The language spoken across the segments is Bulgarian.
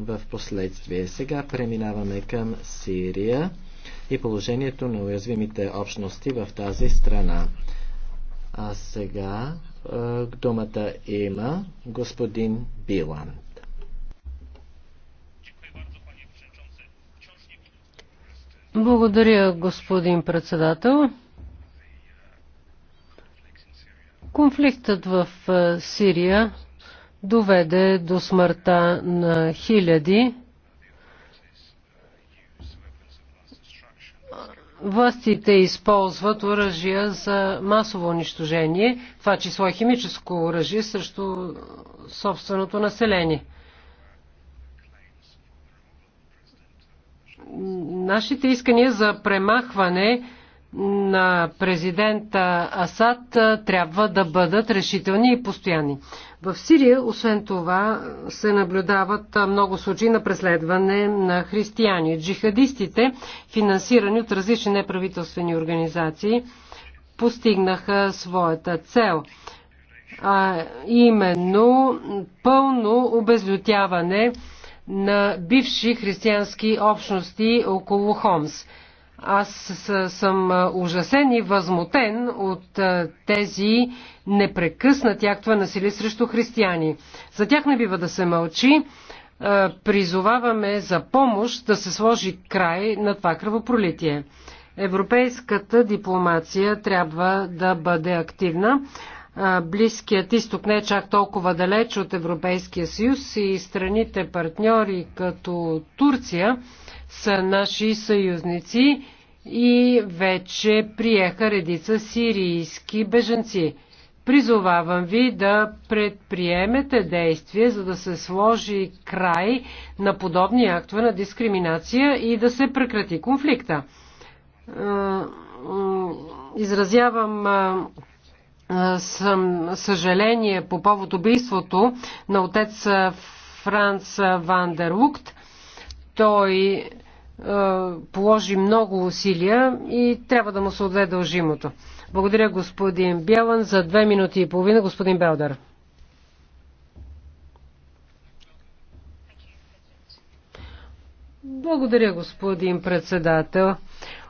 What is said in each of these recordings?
в последствие. Сега преминаваме към Сирия и положението на уязвимите общности в тази страна. А сега е, думата има господин Биланд. Благодаря, господин председател. Конфликтът в е, Сирия доведе до смъртта на хиляди. Властите използват оръжия за масово унищожение, това число е химическо оръжие срещу собственото население. Нашите искания за премахване на президента Асад трябва да бъдат решителни и постоянни. В Сирия, освен това, се наблюдават много случаи на преследване на християни. Джихадистите, финансирани от различни неправителствени организации, постигнаха своята цел. А, именно пълно обезлютяване на бивши християнски общности около Хомс. Аз съм ужасен и възмутен от тези непрекъснати актове на сили срещу християни. За тях не бива да се мълчи. Призоваваме за помощ да се сложи край на това кръвопролитие. Европейската дипломация трябва да бъде активна. Близкият изток не е чак толкова далеч от Европейския съюз и страните партньори като Турция са наши съюзници и вече приеха редица сирийски бежанци. Призовавам ви да предприемете действие, за да се сложи край на подобни актове на дискриминация и да се прекрати конфликта. Изразявам съм съжаление по повод убийството на отец Франц Вандерлукт. Той е, положи много усилия и трябва да му се отведе дължимото. Благодаря господин Бялан за две минути и половина. Господин Белдър. Благодаря, господин председател.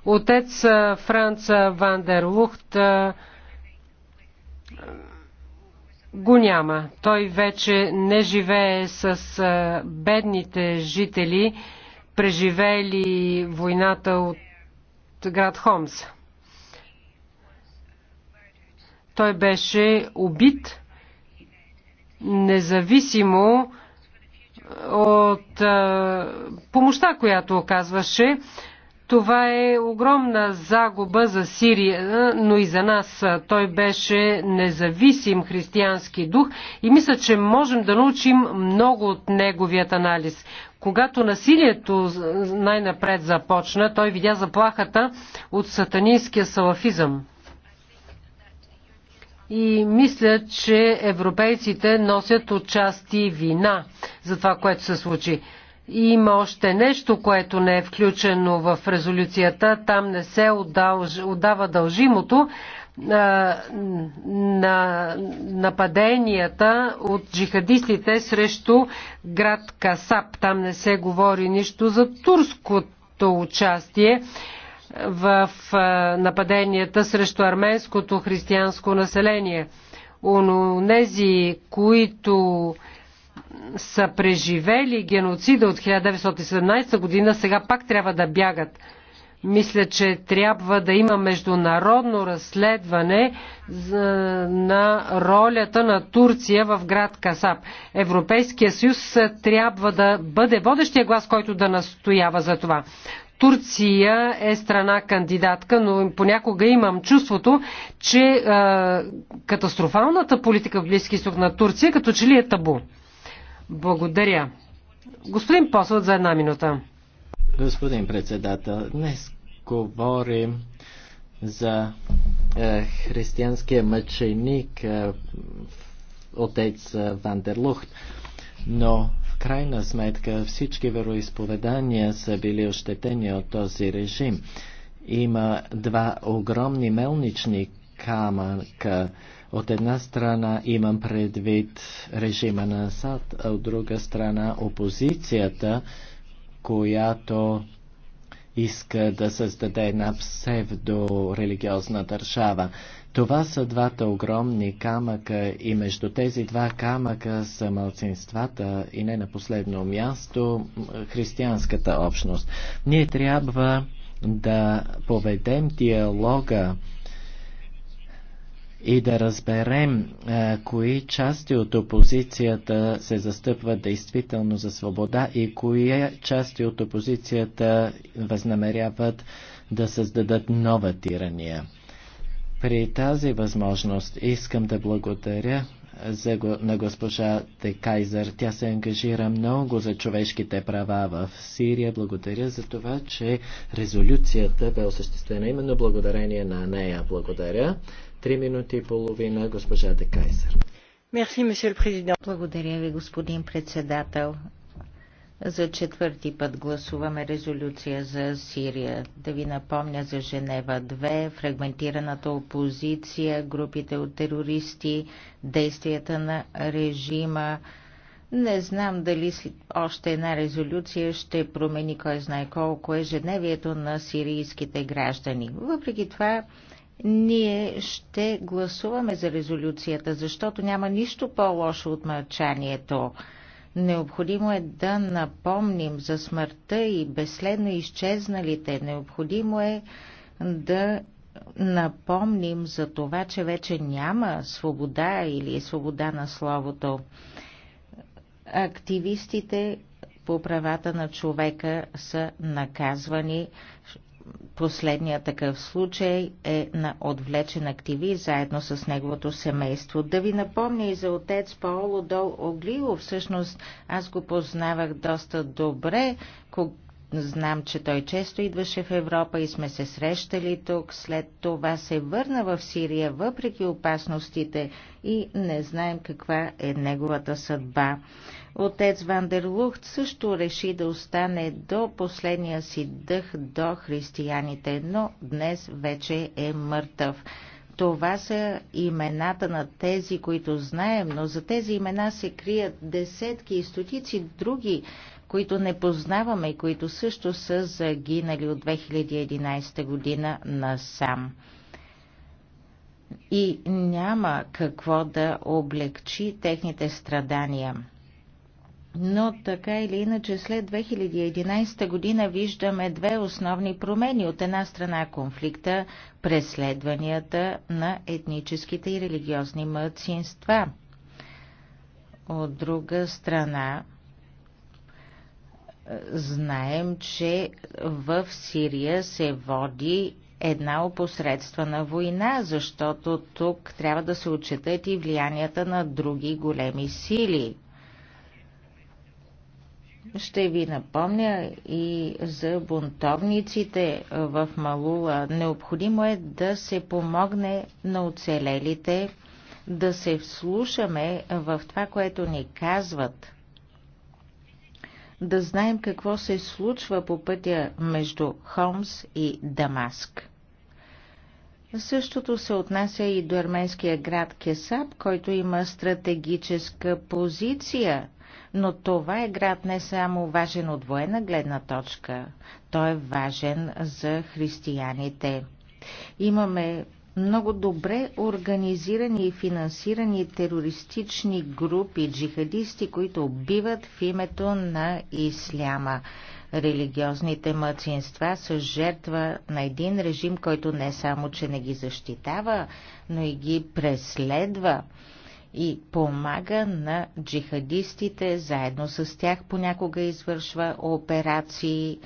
Отец е, Франца Вандер Лухт е, го няма. Той вече не живее с бедните жители преживели войната от град Хомс. Той беше убит, независимо от а, помощта, която оказваше. Това е огромна загуба за Сирия, но и за нас. Той беше независим християнски дух и мисля, че можем да научим много от неговият анализ. Когато насилието най-напред започна, той видя заплахата от сатанинския салафизъм. И мисля, че европейците носят отчасти вина за това, което се случи. Има още нещо, което не е включено в резолюцията. Там не се отдава дължимото на нападенията от джихадистите срещу град Касап. Там не се говори нищо за турското участие в нападенията срещу арменското християнско население. Онези, които са преживели геноцида от 1917 година, сега пак трябва да бягат. Мисля, че трябва да има международно разследване на ролята на Турция в град Касаб. Европейския съюз трябва да бъде водещия глас, който да настоява за това. Турция е страна кандидатка, но понякога имам чувството, че е, катастрофалната политика в Близки изток на Турция като че ли е табу. Благодаря. Господин Посъл, за една минута. Господин председател, днес говорим за е, християнския мъченик е, отец е, Вандерлухт, но в крайна сметка всички вероисповедания са били ощетени от този режим. Има два огромни мелнични камъка. От една страна имам предвид режима на Асад, а от друга страна опозицията, която иска да създаде една псевдорелигиозна държава. Това са двата огромни камъка и между тези два камъка са малцинствата и не на последно място християнската общност. Ние трябва да поведем диалога и да разберем а, кои части от опозицията се застъпват действително за свобода и кои части от опозицията възнамеряват да създадат нова тирания. При тази възможност искам да благодаря за, на госпожа Текайзер. Тя се ангажира много за човешките права в Сирия. Благодаря за това, че резолюцията бе осъществена именно благодарение на нея. Благодаря. Три минути и половина, госпожа Декайзер. Благодаря ви, господин председател. За четвърти път гласуваме резолюция за Сирия. Да ви напомня за Женева 2, фрагментираната опозиция, групите от терористи, действията на режима. Не знам дали още една резолюция ще промени кой знае колко е женевието на сирийските граждани. Въпреки това, ние ще гласуваме за резолюцията, защото няма нищо по-лошо от мълчанието. Необходимо е да напомним за смъртта и безследно изчезналите. Необходимо е да напомним за това, че вече няма свобода или е свобода на словото. Активистите по правата на човека са наказвани, Последният такъв случай е на отвлечен активист заедно с неговото семейство. Да ви напомня и за отец Паоло Дол Оглио. Всъщност аз го познавах доста добре. Знам, че той често идваше в Европа и сме се срещали тук. След това се върна в Сирия, въпреки опасностите и не знаем каква е неговата съдба. Отец Вандерлухт също реши да остане до последния си дъх до християните, но днес вече е мъртъв. Това са имената на тези, които знаем, но за тези имена се крият десетки и стотици други, които не познаваме и които също са загинали от 2011 година насам. И няма какво да облегчи техните страдания но така или иначе след 2011 година виждаме две основни промени. От една страна конфликта, преследванията на етническите и религиозни мъцинства. От друга страна знаем, че в Сирия се води една опосредствена война, защото тук трябва да се отчитат и влиянията на други големи сили – ще ви напомня и за бунтовниците в Малула. Необходимо е да се помогне на оцелелите, да се вслушаме в това, което ни казват, да знаем какво се случва по пътя между Холмс и Дамаск. Същото се отнася и до арменския град Кесап, който има стратегическа позиция – но това е град не само важен от военна гледна точка, той е важен за християните. Имаме много добре организирани и финансирани терористични групи, джихадисти, които убиват в името на исляма. Религиозните мъцинства са жертва на един режим, който не само, че не ги защитава, но и ги преследва и помага на джихадистите, заедно с тях понякога извършва операции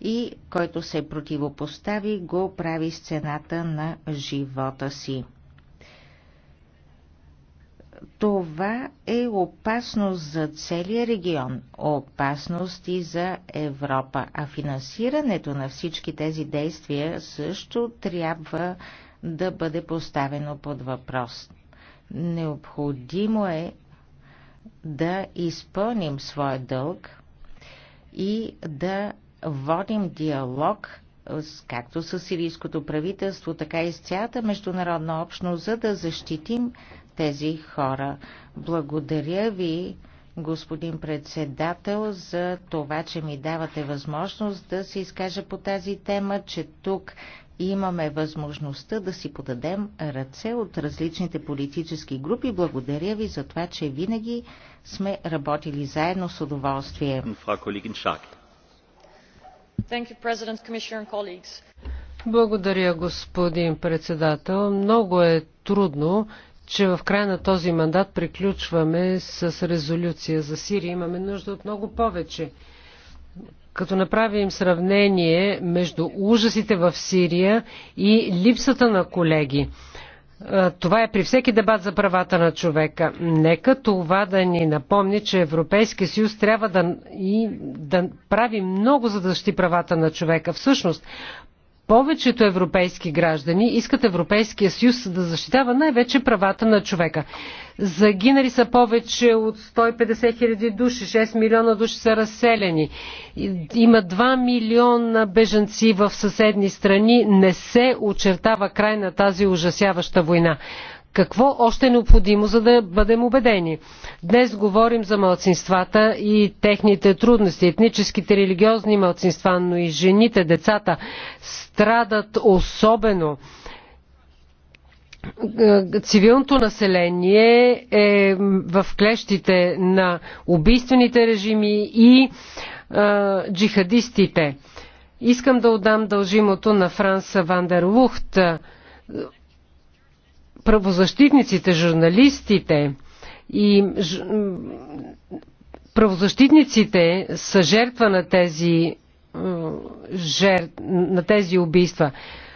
и който се противопостави, го прави сцената на живота си. Това е опасност за целия регион, опасност и за Европа, а финансирането на всички тези действия също трябва да бъде поставено под въпрос. Необходимо е да изпълним своя дълг и да водим диалог както с сирийското правителство, така и с цялата международна общност, за да защитим тези хора. Благодаря ви, господин председател, за това, че ми давате възможност да се изкажа по тази тема, че тук имаме възможността да си подадем ръце от различните политически групи. Благодаря ви за това, че винаги сме работили заедно с удоволствие. Благодаря, господин председател. Много е трудно, че в края на този мандат приключваме с резолюция за Сирия. Имаме нужда от много повече като направим сравнение между ужасите в Сирия и липсата на колеги. Това е при всеки дебат за правата на човека. Нека това да ни напомни, че Европейския съюз трябва да, и, да прави много за да защити правата на човека. Всъщност, повечето европейски граждани искат Европейския съюз да защитава най-вече правата на човека. Загинали са повече от 150 хиляди души, 6 милиона души са разселени. Има 2 милиона бежанци в съседни страни. Не се очертава край на тази ужасяваща война. Какво още е необходимо, за да бъдем убедени? Днес говорим за мълцинствата и техните трудности. Етническите религиозни мълцинства, но и жените, децата страдат особено цивилното население е в клещите на убийствените режими и а, джихадистите. Искам да отдам дължимото на Франс Лухт, правозащитниците, журналистите и правозащитниците са жертва на тези, жертв... на тези убийства.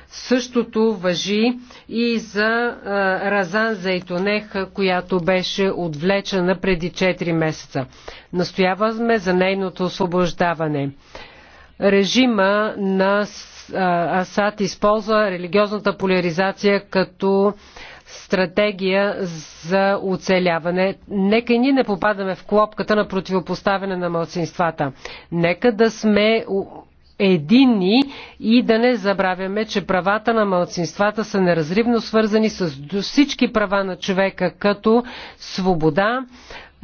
Същото въжи и за Разан Зайтонех, която беше отвлечена преди 4 месеца. Настояваме за нейното освобождаване. Режима на Асад използва религиозната поляризация като стратегия за оцеляване. Нека и ние не попадаме в клопката на противопоставяне на мълцинствата. Нека да сме единни и да не забравяме, че правата на мълцинствата са неразривно свързани с всички права на човека, като свобода,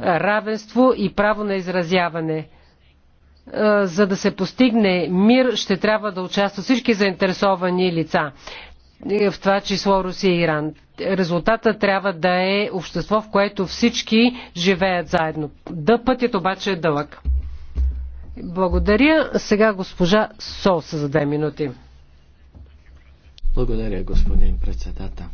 равенство и право на изразяване е, за да се постигне мир, ще трябва да участват всички заинтересовани лица в това число Русия и Иран. Резултата трябва да е общество, в което всички живеят заедно. Да, пътят обаче е дълъг. Благодаря. Сега госпожа Солса за две минути. Благодаря, господин председател.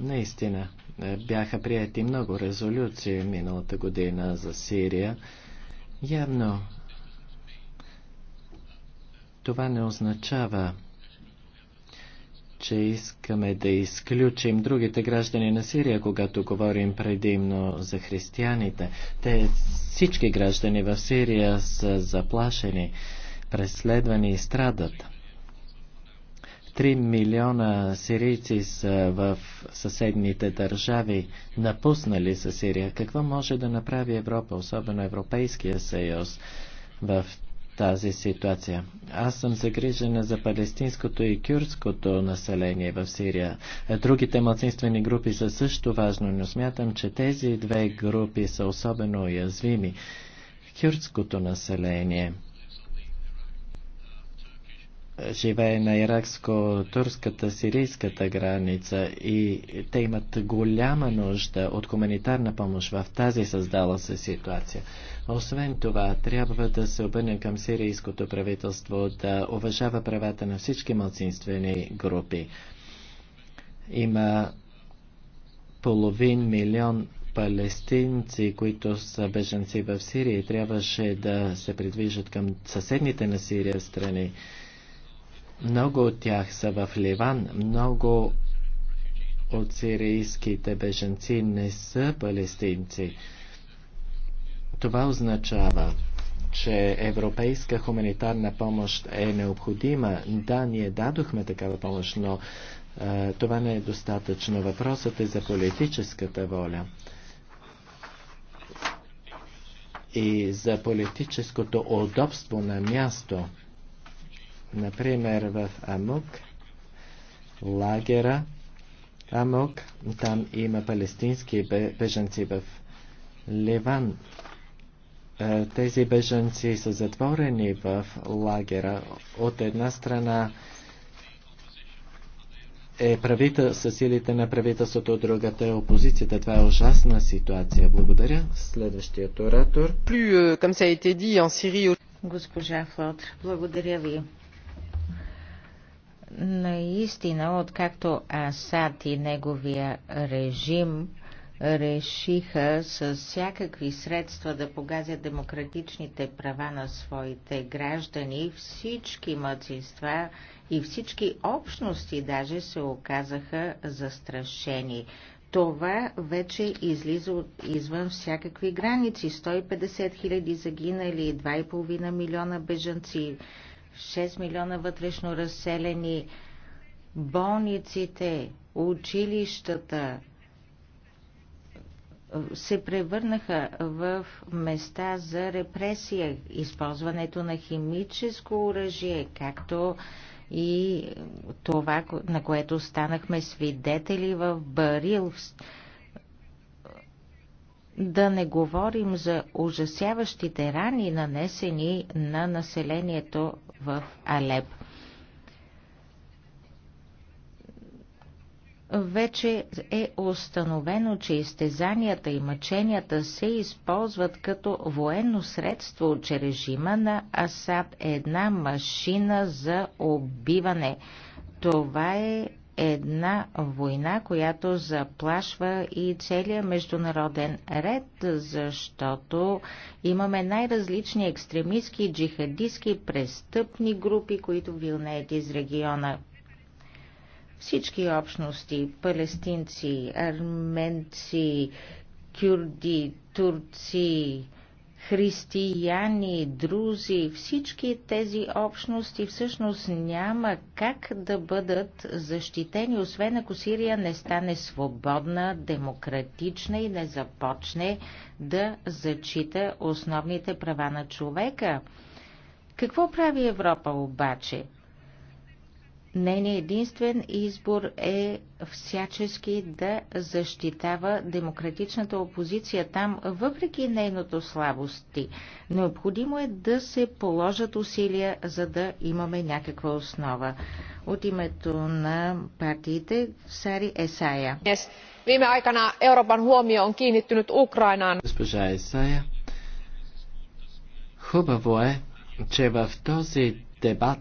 Наистина, е, бяха прияти много резолюции миналата година за Сирия. Явно това не означава че искаме да изключим другите граждани на Сирия, когато говорим предимно за християните. Те всички граждани в Сирия са заплашени, преследвани и страдат. Три милиона сирийци са в съседните държави, напуснали са Сирия. Какво може да направи Европа, особено Европейския съюз, в тази ситуация. Аз съм загрижена за палестинското и кюрското население в Сирия. Другите младсинствени групи са също важно, но смятам, че тези две групи са особено уязвими. Кюрдското население – живее на иракско-турската, сирийската граница и те имат голяма нужда от хуманитарна помощ в тази създала се ситуация. Освен това, трябва да се обърнем към сирийското правителство да уважава правата на всички малцинствени групи. Има половин милион палестинци, които са беженци в Сирия и трябваше да се придвижат към съседните на Сирия страни. Много от тях са в Ливан, много от сирийските беженци не са палестинци. Това означава, че европейска хуманитарна помощ е необходима. Да, ние дадохме такава помощ, но е, това не е достатъчно. Въпросът е за политическата воля и за политическото удобство на място. Например, в Амук, лагера Амук, там има палестински беженци в Ливан. Е, тези беженци са затворени в лагера. От една страна е правител, са силите на правителството, от другата е опозицията. Това е ужасна ситуация. Благодаря. Следващият оратор. Euh, Госпожа Флотр, благодаря ви. Наистина, откакто Асад и неговия режим решиха с всякакви средства да погазят демократичните права на своите граждани, всички мъцинства и всички общности даже се оказаха застрашени. Това вече излиза от, извън всякакви граници. 150 хиляди загинали, 2,5 милиона бежанци. 6 милиона вътрешно разселени, болниците, училищата се превърнаха в места за репресия, използването на химическо оръжие, както и това, на което станахме свидетели в Барилс. Да не говорим за ужасяващите рани, нанесени на населението в Алеп. Вече е установено, че изтезанията и мъченията се използват като военно средство, че режима на Асад е една машина за убиване. Това е една война, която заплашва и целия международен ред, защото имаме най-различни екстремистски, джихадистски, престъпни групи, които вилнеят из региона. Всички общности, палестинци, арменци, кюрди, турци, християни, друзи, всички тези общности всъщност няма как да бъдат защитени, освен ако Сирия не стане свободна, демократична и не започне да зачита основните права на човека. Какво прави Европа обаче? Нейният единствен избор е всячески да защитава демократичната опозиция там, въпреки нейното слабости. Необходимо е да се положат усилия, за да имаме някаква основа. От името на партиите Сари Есая. Госпожа Есая, хубаво е, че в този дебат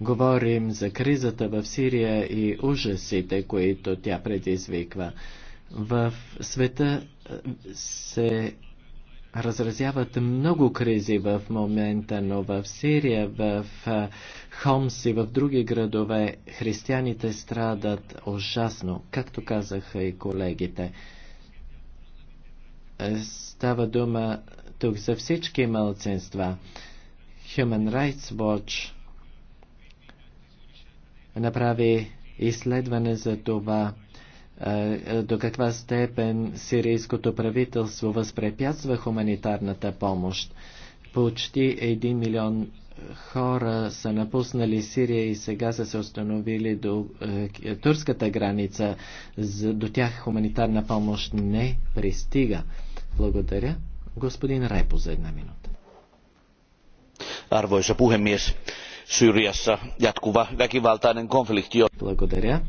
Говорим за кризата в Сирия и ужасите, които тя предизвиква. В света е, се разразяват много кризи в момента, но в Сирия, в е, Хомс и в други градове християните страдат ужасно, както казаха и колегите. Е, става дума тук за всички малцинства. Human Rights Watch направи изследване за това е, е, до каква степен сирийското правителство възпрепятства хуманитарната помощ. Почти 1 милион хора са напуснали Сирия и сега са се установили до е, турската граница. За, до тях хуманитарна помощ не пристига. Благодаря. Господин Репо за една минута. Arvoisa puhemies, Syyriassa jatkuva väkivaltainen konflikti on. Благодаря.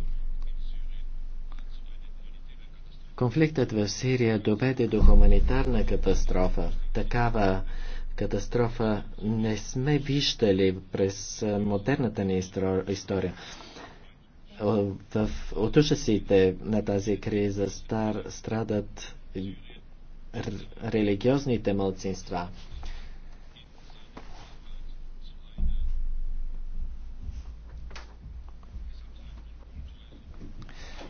Конфликтът в Сирия доведе до хуманитарна катастрофа. Такава катастрофа не сме виждали през модерната ни история. В от на тази криза стар, страдат религиозните мълцинства.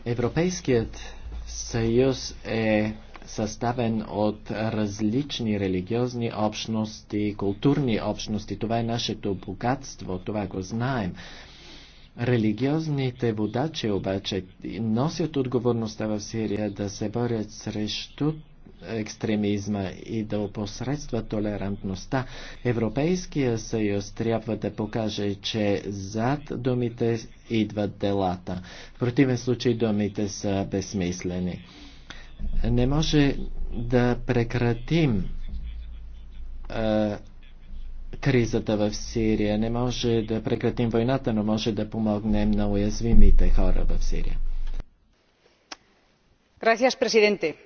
Европейският съюз е съставен от различни религиозни общности, културни общности. Това е нашето богатство, това го знаем. Религиозните водачи обаче носят отговорността в Сирия да се борят срещу екстремизма и да опосредства толерантността. Европейския съюз трябва да покаже, че зад думите идват делата. В противен случай думите са безсмислени. Не може да прекратим е, кризата в Сирия, не може да прекратим войната, но може да помогнем на уязвимите хора в Сирия. Gracias, presidente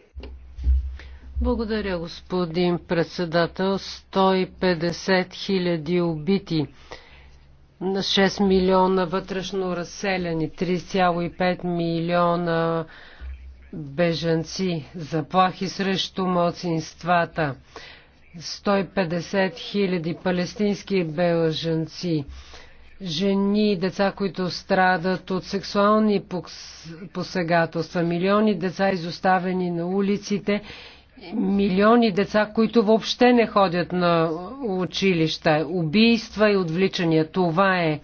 благодаря, господин председател. 150 000 убити, 6 милиона вътрешно разселени, 3,5 милиона беженци, заплахи срещу младсинствата, 150 000 палестински беженци, жени и деца, които страдат от сексуални посегателства, милиони деца изоставени на улиците милиони деца, които въобще не ходят на училища, убийства и отвличания. Това е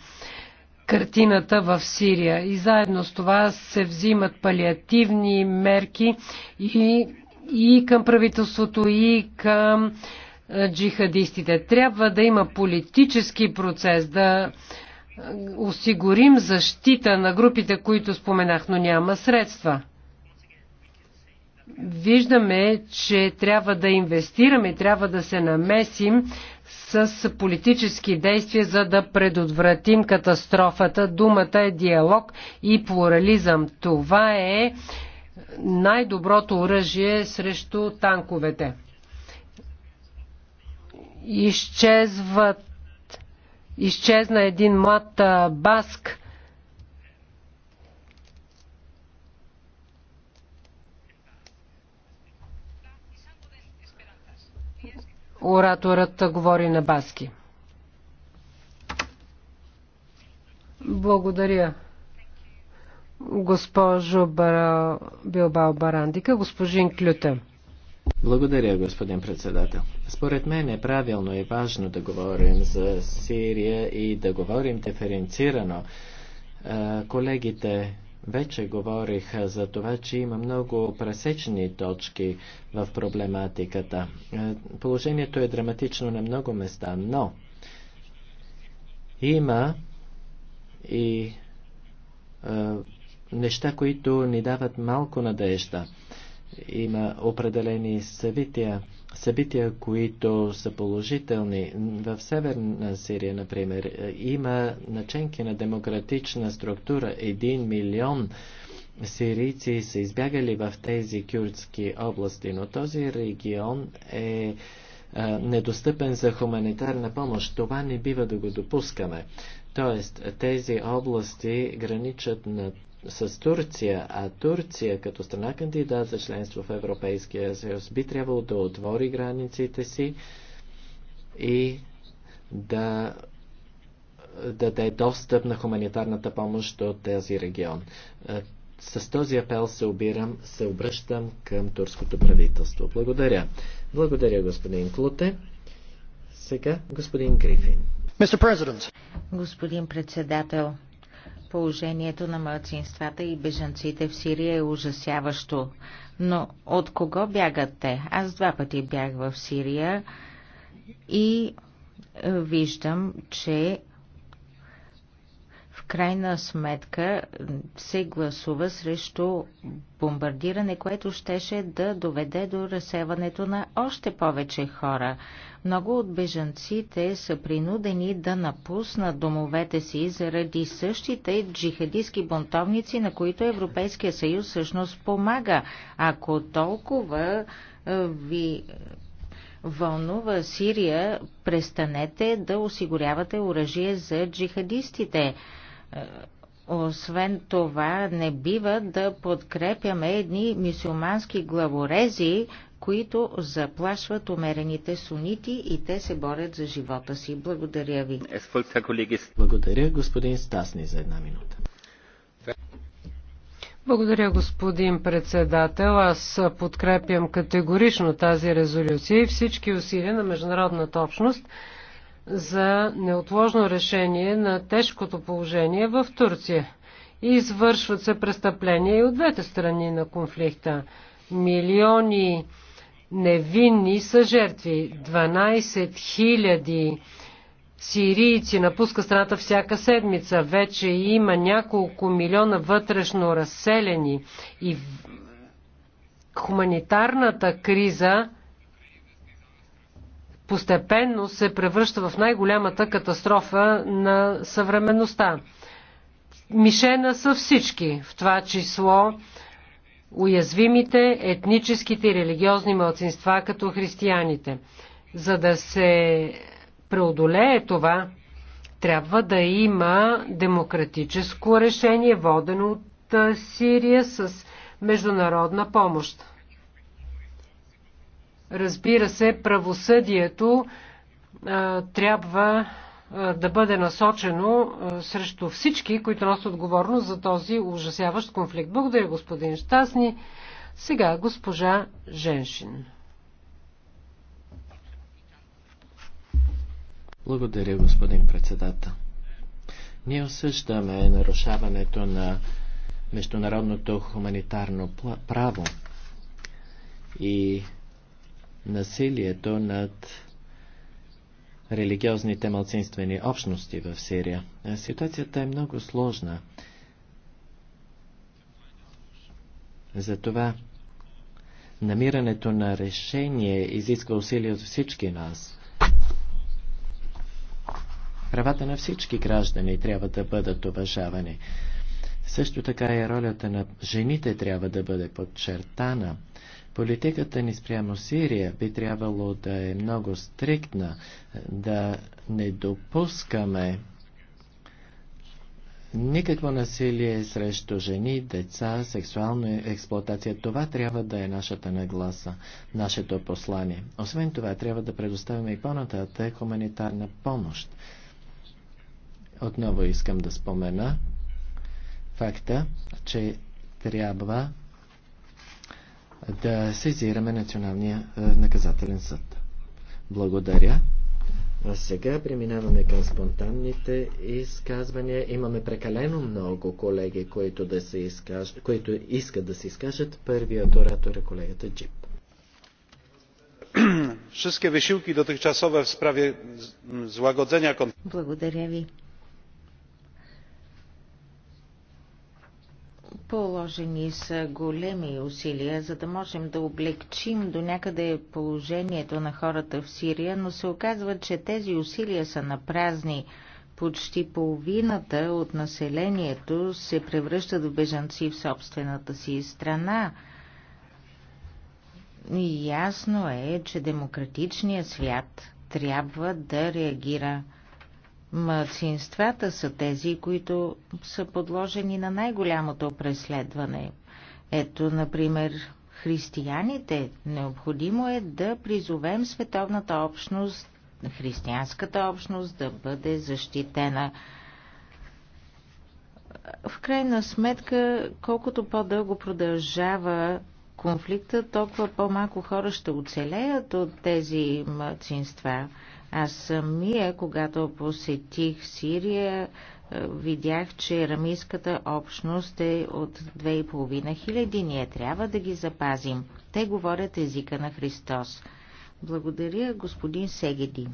картината в Сирия. И заедно с това се взимат палиативни мерки и, и към правителството, и към джихадистите. Трябва да има политически процес, да осигурим защита на групите, които споменах, но няма средства виждаме, че трябва да инвестираме, трябва да се намесим с политически действия, за да предотвратим катастрофата. Думата е диалог и плурализъм. Това е най-доброто оръжие срещу танковете. Изчезват, изчезна един млад баск, Ораторът говори на баски. Благодаря, госпожо Бара... Билбао Барандика, госпожин Клюте. Благодаря, господин председател. Според мен е правилно и важно да говорим за Сирия и да говорим диференцирано. Е, колегите вече говорих за това, че има много пресечни точки в проблематиката. Е, положението е драматично на много места, но има и е, неща, които ни дават малко надежда. Има определени събития събития, които са положителни. В Северна Сирия, например, има наченки на демократична структура. Един милион сирийци са избягали в тези кюрдски области, но този регион е, е недостъпен за хуманитарна помощ. Това не бива да го допускаме. Тоест, тези области граничат на с Турция, а Турция като страна кандидат за членство в Европейския съюз би трябвало да отвори границите си и да даде достъп на хуманитарната помощ от тези регион. Е, с този апел се, обирам, се обръщам към турското правителство. Благодаря. Благодаря, господин Клуте. Сега господин Грифин. Господин председател, Положението на младсинствата и бежанците в Сирия е ужасяващо. Но от кого бягат те? Аз два пъти бях в Сирия и е, виждам, че крайна сметка се гласува срещу бомбардиране, което щеше да доведе до разсеването на още повече хора. Много от бежанците са принудени да напуснат домовете си заради същите джихадистски бунтовници, на които Европейския съюз всъщност помага. Ако толкова ви вълнува Сирия, престанете да осигурявате оръжие за джихадистите. Е, освен това, не бива да подкрепяме едни мисюмански главорези, които заплашват умерените сунити и те се борят за живота си. Благодаря ви. Благодаря, господин Стасни, за една минута. Благодаря, господин председател. Аз подкрепям категорично тази резолюция и всички усилия на международната общност за неотложно решение на тежкото положение в Турция. И извършват се престъпления и от двете страни на конфликта. Милиони невинни са жертви. 12 000 сирийци напуска страната всяка седмица. Вече има няколко милиона вътрешно разселени и хуманитарната криза постепенно се превръща в най-голямата катастрофа на съвременността. Мишена са всички, в това число уязвимите етническите и религиозни младсинства като християните. За да се преодолее това, трябва да има демократическо решение, водено от Сирия с международна помощ. Разбира се, правосъдието а, трябва а, да бъде насочено а, срещу всички, които носят отговорност за този ужасяващ конфликт. Благодаря, господин Штасни. Сега госпожа Женшин. Благодаря, господин председател. Ние осъждаме нарушаването на международното хуманитарно право и насилието над религиозните малцинствени общности в Сирия. Е, ситуацията е много сложна. Затова намирането на решение изисква усилия от всички нас. Правата на всички граждани трябва да бъдат уважавани. Също така и ролята на жените трябва да бъде подчертана. Политиката ни спрямо Сирия би трябвало да е много стриктна, да не допускаме никакво насилие срещу жени, деца, сексуална експлоатация. Това трябва да е нашата нагласа, нашето послание. Освен това, трябва да предоставяме и по-нататък хуманитарна помощ. Отново искам да спомена факта, че трябва да сезираме Националния е, наказателен съд. Благодаря. А сега преминаваме към спонтанните изказвания. Имаме прекалено много колеги, които, да се изкаж... които искат да се изкажат. Първият оратор е колегата Джип. Wszystkie wysiłki dotychczasowe w sprawie złagodzenia konfliktu. Благодаря ви. Положени са големи усилия, за да можем да облегчим до някъде положението на хората в Сирия, но се оказва, че тези усилия са на празни. Почти половината от населението се превръщат в бежанци в собствената си страна. Ясно е, че демократичният свят трябва да реагира – Мълцинствата са тези, които са подложени на най-голямото преследване. Ето, например, християните. Необходимо е да призовем световната общност, християнската общност да бъде защитена. В крайна сметка, колкото по-дълго продължава конфликта, толкова по-малко хора ще оцелеят от тези мъцинства. Аз самия, когато посетих Сирия, е, видях, че рамийската общност е от 2,5 хиляди. Ние трябва да ги запазим. Те говорят езика на Христос. Благодаря, господин Сегеди.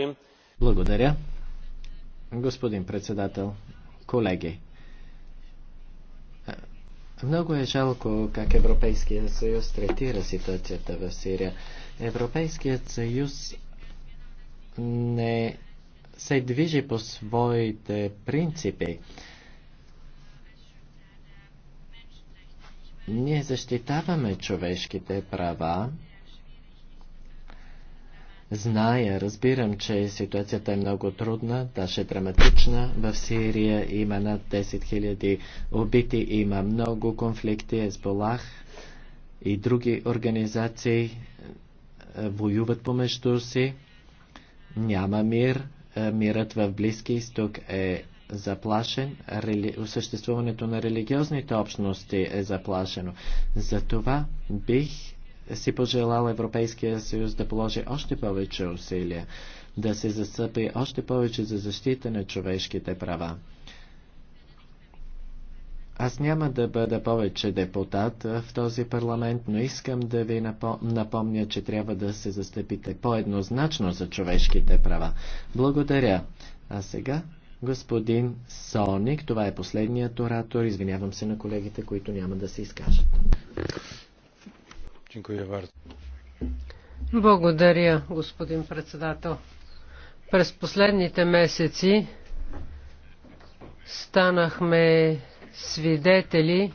Е, Благодаря, господин председател, колеги. Много е жалко как Европейския съюз третира ситуацията в Сирия. Европейският съюз не се движи по своите принципи. Ние защитаваме човешките права, Зная, разбирам, че ситуацията е много трудна, даже драматична. В Сирия има над 10 000 убити, има много конфликти, Езболах и други организации е, воюват помежду си. Няма мир. Е, мирът в Близки изток е заплашен, рели... осъществуването на религиозните общности е заплашено. Затова бих си пожелал Европейския съюз да положи още повече усилия, да се засъпи още повече за защита на човешките права. Аз няма да бъда повече депутат в този парламент, но искам да ви напомня, че трябва да се застъпите по-еднозначно за човешките права. Благодаря. А сега господин Соник, това е последният оратор. Извинявам се на колегите, които няма да се изкажат. Благодаря, господин председател. През последните месеци станахме свидетели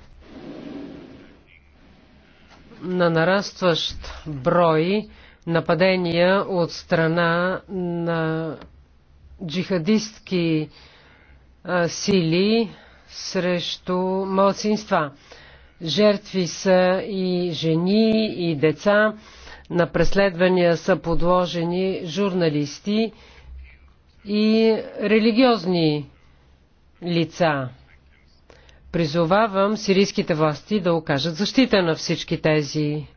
на нарастващ брой нападения от страна на джихадистки сили срещу малцинства. Жертви са и жени, и деца. На преследвания са подложени журналисти и религиозни лица. Призовавам сирийските власти да окажат защита на всички тези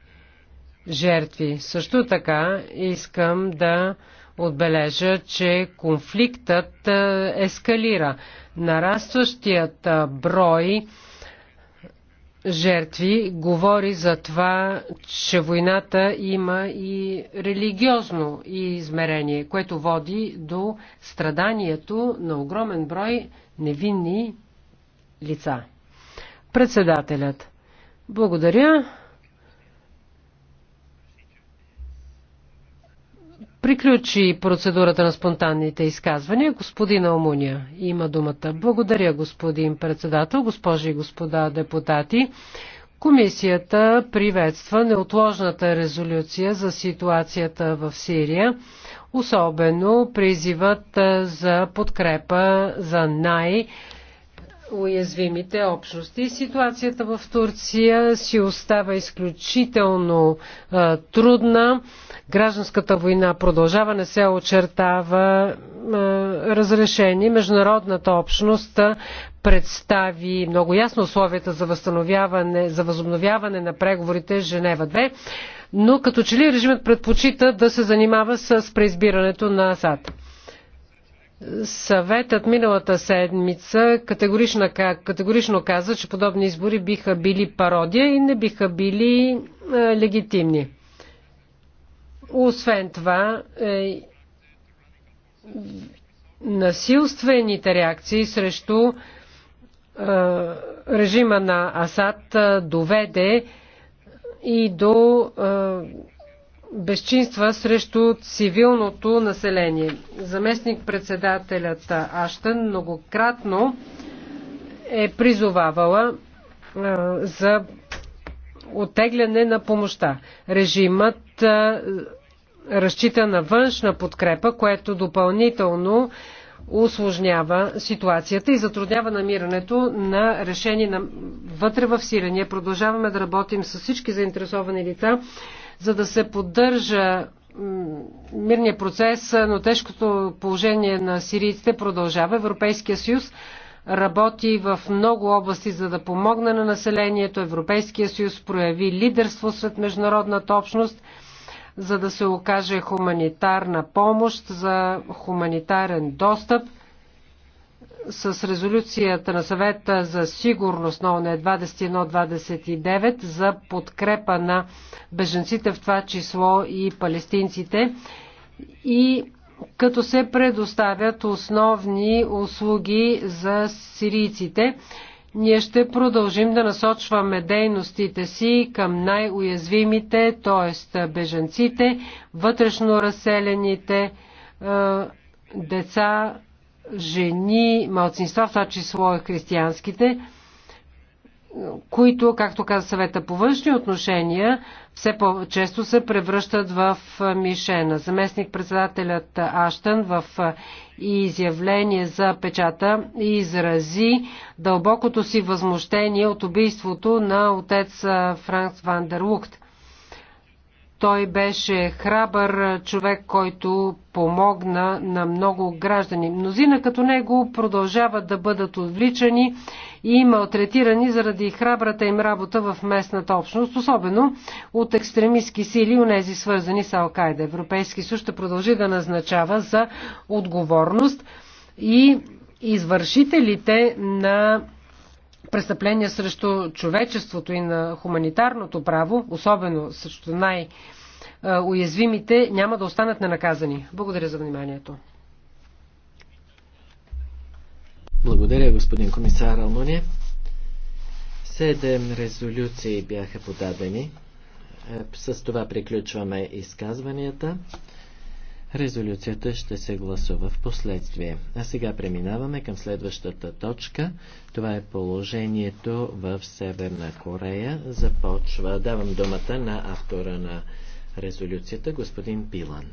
жертви. Също така искам да отбележа, че конфликтът ескалира. Нарастващият брой жертви говори за това, че войната има и религиозно измерение, което води до страданието на огромен брой невинни лица. Председателят. Благодаря. Приключи процедурата на спонтанните изказвания. Господин Омуния има думата. Благодаря, господин председател, госпожи и господа депутати. Комисията приветства неотложната резолюция за ситуацията в Сирия, особено призивът за подкрепа за най- уязвимите общности. Ситуацията в Турция си остава изключително а, трудна. Гражданската война продължава, не се очертава а, разрешение. Международната общност представи много ясно условията за възстановяване, за възобновяване на преговорите с Женева 2, но като че ли режимът предпочита да се занимава с преизбирането на Асад. Съветът миналата седмица категорично, категорично каза, че подобни избори биха били пародия и не биха били е, легитимни. Освен това, е, насилствените реакции срещу е, режима на Асад доведе и до е, безчинства срещу цивилното население. Заместник председателят Аштън многократно е призовавала е, за отегляне на помощта. Режимът е, разчита на външна подкрепа, което допълнително усложнява ситуацията и затруднява намирането на решение на вътре в Сирия. Ние продължаваме да работим с всички заинтересовани лица за да се поддържа мирния процес, но тежкото положение на сирийците продължава. Европейския съюз работи в много области, за да помогне на населението. Европейския съюз прояви лидерство сред международната общност, за да се окаже хуманитарна помощ за хуманитарен достъп – с резолюцията на съвета за сигурност на ОНЕ 29 за подкрепа на беженците, в това число и палестинците, и като се предоставят основни услуги за сирийците. Ние ще продължим да насочваме дейностите си към най-уязвимите, т.е. беженците, вътрешно разселените, е, деца, жени, малцинства, в това число християнските, които, както каза съвета по външни отношения, все по-често се превръщат в мишена. Заместник председателят Аштън в изявление за печата изрази дълбокото си възмущение от убийството на отец Франц Вандерлукт. Той беше храбър човек, който помогна на много граждани. Мнозина като него продължават да бъдат отвличани и малтретирани заради храбрата им работа в местната общност, особено от екстремистски сили, унези свързани с Алкайда. Европейски съюз ще продължи да назначава за отговорност и извършителите на престъпления срещу човечеството и на хуманитарното право, особено срещу най- уязвимите няма да останат ненаказани. Благодаря за вниманието. Благодаря, господин комисар Алмоне. Седем резолюции бяха подадени. Е, с това приключваме изказванията. Резолюцията ще се гласува в последствие. А сега преминаваме към следващата точка. Това е положението в Северна Корея. Започва. Давам думата на автора на резолюцията, господин Пилан.